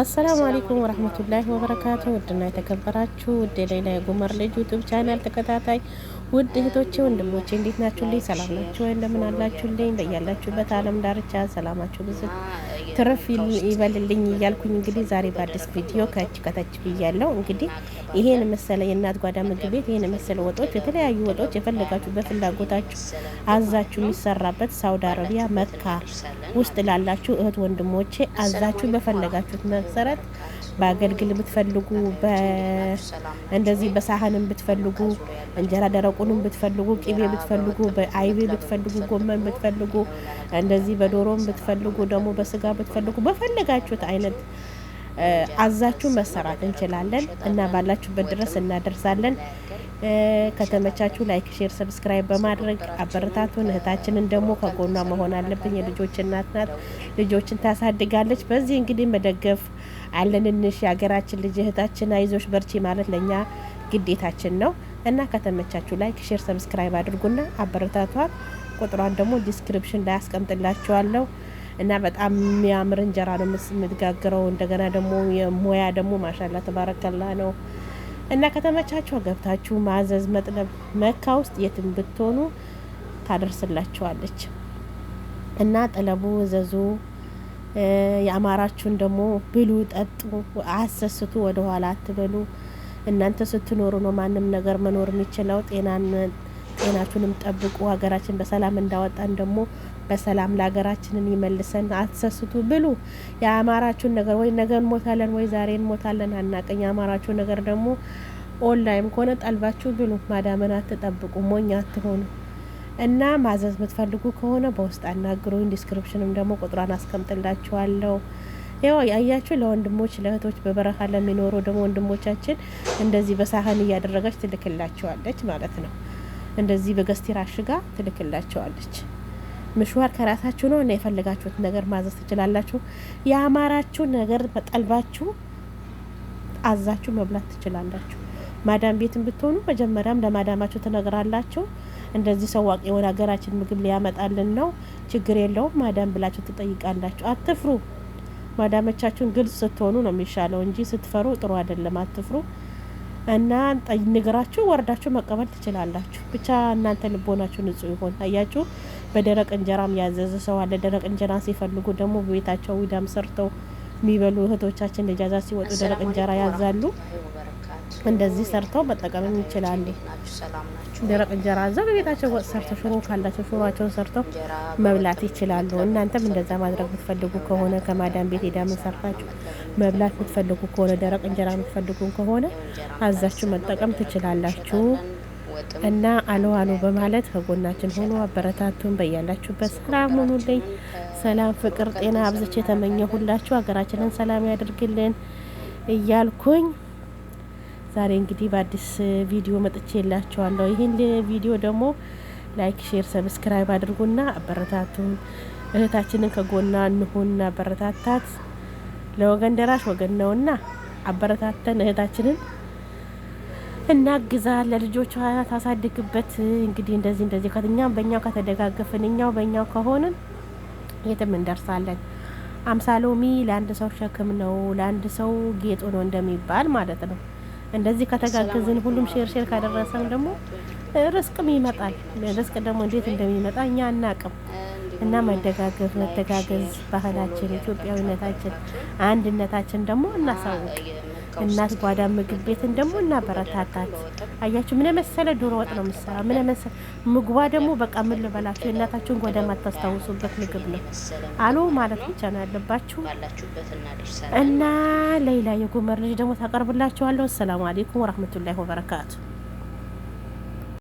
አሰላሙ አለይኩም ወረህመቱላሂ ወበረካቱ። ውድና የተከበራችሁ ውድ ሌላ የጉመር ልጅ ዩቱብ ቻናል ተከታታይ ውድ እህቶቼ ወንድሞቼ እንዴት ናችሁልኝ? ሰላም ናችሁ ወይ? እንደምን አላችሁልኝ? በያላችሁበት አለም ዳርቻ ሰላማችሁ ብዝት ትርፍ ይበልልኝ እያልኩኝ እንግዲህ ዛሬ በአዲስ ቪዲዮ ከች ከተች ብያለሁ። እንግዲህ ይሄን መሰለ የእናት ጓዳ ምግብ ቤት ይሄን መሰለ ወጦች፣ የተለያዩ ወጦች የፈለጋችሁ በፍላጎታችሁ አዛችሁ የሚሰራበት ሳውዲ አረቢያ መካ ውስጥ ላላችሁ እህት ወንድሞቼ አዛችሁ በፈለጋችሁት መሰረት በአገልግል ብትፈልጉ እንደዚህ በሳህንም ብትፈልጉ እንጀራ ደረቁንም ብትፈልጉ ቂቤ ብትፈልጉ በአይቤ ብትፈልጉ ጎመን ብትፈልጉ እንደዚህ በዶሮም ብትፈልጉ ደግሞ በስጋ ብትፈልጉ በፈለጋችሁት አይነት አዛችሁ መሰራት እንችላለን እና ባላችሁበት ድረስ እናደርሳለን። ከተመቻችሁ ላይክ፣ ሼር፣ ሰብስክራይብ በማድረግ አበረታቱን። እህታችንን ደግሞ ከጎኗ መሆን አለብኝ። የልጆች እናት ናት፣ ልጆችን ታሳድጋለች። በዚህ እንግዲህ መደገፍ አለንንሽ የሀገራችን ልጅ እህታችን አይዞሽ በርቺ ማለት ለእኛ ግዴታችን ነው እና ከተመቻችሁ ላይክ፣ ሼር፣ ሰብስክራይብ አድርጉና አበረታቷል። ቁጥሯን ደግሞ ዲስክሪፕሽን ላይ አስቀምጥላችኋለሁ። እና በጣም የሚያምር እንጀራ ነው የምትጋግረው። እንደገና ደግሞ የሙያ ደግሞ ማሻላ ተባረከላ ነው። እና ከተመቻችሁ ገብታችሁ ማዘዝ መጥለብ መካ ውስጥ የትም ብትሆኑ ታደርስላችኋለች። እና ጥለቡ፣ እዘዙ። የአማራችሁን ደግሞ ብሉ፣ ጠጡ፣ አሰስቱ፣ ወደ ኋላ አትበሉ። እናንተ ስትኖሩ ነው ማንም ነገር መኖር የሚችለው ጤናን ጤናችሁንም ጠብቁ። ሀገራችን በሰላም እንዳወጣን ደግሞ በሰላም ለሀገራችንን ይመልሰን። አትሰስቱ፣ ብሉ የአማራችሁን ነገር ወይ ነገ እንሞታለን ወይ ዛሬ እንሞታለን አናቀኝ። የአማራችሁ ነገር ደግሞ ኦንላይም ከሆነ ጠልባችሁ ብሉ። ማዳመን አትጠብቁ፣ ሞኝ አትሆኑ። እና ማዘዝ የምትፈልጉ ከሆነ በውስጥ አናግሩኝ። ዲስክሪፕሽንም ደግሞ ቁጥሯን አስቀምጥላችኋለሁ። ያው ያያችሁ ለወንድሞች ለእህቶች በበረሃ ለሚኖሩ ደግሞ ወንድሞቻችን እንደዚህ በሳህን እያደረገች ትልክላችኋለች ማለት ነው። እንደዚህ በገስቲራ አሽጋ ትልክላቸዋለች። ምሽዋር ከራሳችሁ ነው እና የፈለጋችሁት ነገር ማዘዝ ትችላላችሁ። የአማራችሁ ነገር በጠልባችሁ አዛችሁ መብላት ትችላላችሁ። ማዳም ቤትን ብትሆኑ መጀመሪያም ለማዳማችሁ ትነግራላችሁ። እንደዚህ ሰው ዋቂ የሆነ ሀገራችን ምግብ ሊያመጣልን ነው፣ ችግር የለውም ማዳም ብላችሁ ትጠይቃላችሁ። አትፍሩ። ማዳመቻችሁን ግልጽ ስትሆኑ ነው የሚሻለው እንጂ ስትፈሩ ጥሩ አይደለም። አትፍሩ። እና ንግራችሁ ወርዳችሁ መቀበል ትችላላችሁ። ብቻ እናንተ ልቦናችሁ ንጹህ ይሆን። አያችሁ፣ በደረቅ እንጀራም ያዘዘ ሰው አለ። ደረቅ እንጀራ ሲፈልጉ ደግሞ በቤታቸው ዊዳም ሰርተው የሚበሉ እህቶቻችን ልጃዛ ሲወጡ ደረቅ እንጀራ ያዛሉ። እንደዚህ ሰርተው መጠቀምም ይችላል። ደረቅ እንጀራ ዘው በቤታቸው ወጥ ሰርተው ሽሮ ካላቸው ሽሮቸውን ሰርተው መብላት ይችላሉ። እናንተም እንደዛ ማድረግ የምትፈልጉ ከሆነ ከማዳም ቤት ሄዳ ምን መብላት የምትፈልጉ ከሆነ ደረቅ እንጀራ የምትፈልጉ ከሆነ አዛችሁ መጠቀም ትችላላችሁ። እና አለዋሉ በማለት ከጎናችን ሆኖ አበረታቱን። በያላችሁበት ሰላም ሁኑልኝ። ሰላም፣ ፍቅር፣ ጤና አብዝቼ የተመኘ ሁላችሁ ሀገራችንን ሰላም ያድርግልን እያልኩኝ ዛሬ እንግዲህ በአዲስ ቪዲዮ መጥቼ ይህን ቪዲዮ ደግሞ ላይክ፣ ሼር፣ ሰብስክራይብ አድርጉና አበረታቱን። እህታችንን ከጎና እንሁን፣ አበረታታት። ለወገን ደራሽ ወገን ነውና አበረታተን እህታችንን እናግዛ ለልጆቿ ታሳድግበት። እንግዲህ እንደዚህ እንደዚህ ከኛም በእኛው ከተደጋገፍን እኛው በእኛው ከሆንን የትም እንደርሳለን። አምሳ ሎሚ ለአንድ ሰው ሸክም ነው፣ ለአንድ ሰው ጌጡ ነው እንደሚባል ማለት ነው። እንደዚህ ከተጋገዝን ሁሉም ሼር ሼር ካደረሰን ደግሞ ርስቅም ይመጣል። ርስቅ ደግሞ እንዴት እንደሚመጣ እኛ አናቅም። እና መደጋገፍ፣ መተጋገዝ ባህላችን፣ ኢትዮጵያዊነታችን፣ አንድነታችን ደግሞ እናሳውቅ። እናት ጓዳ ምግብ ቤትን ደግሞ እናበረታታት። አያችሁ ምን መሰለ ዶሮ ወጥ ነው የምሰራ። ምን መሰለ ምግቧ ደግሞ በቃ ምን ልበላችሁ የእናታችሁን ጓዳ ማታስታውሱበት ምግብ ነው አሎ ማለት ብቻ ነው ያለባችሁ። እና ሌላ የጎመር ልጅ ደግሞ ታቀርብላችኋለሁ። አሰላሙ አሌይኩም ወራህመቱላሂ ወበረካቱ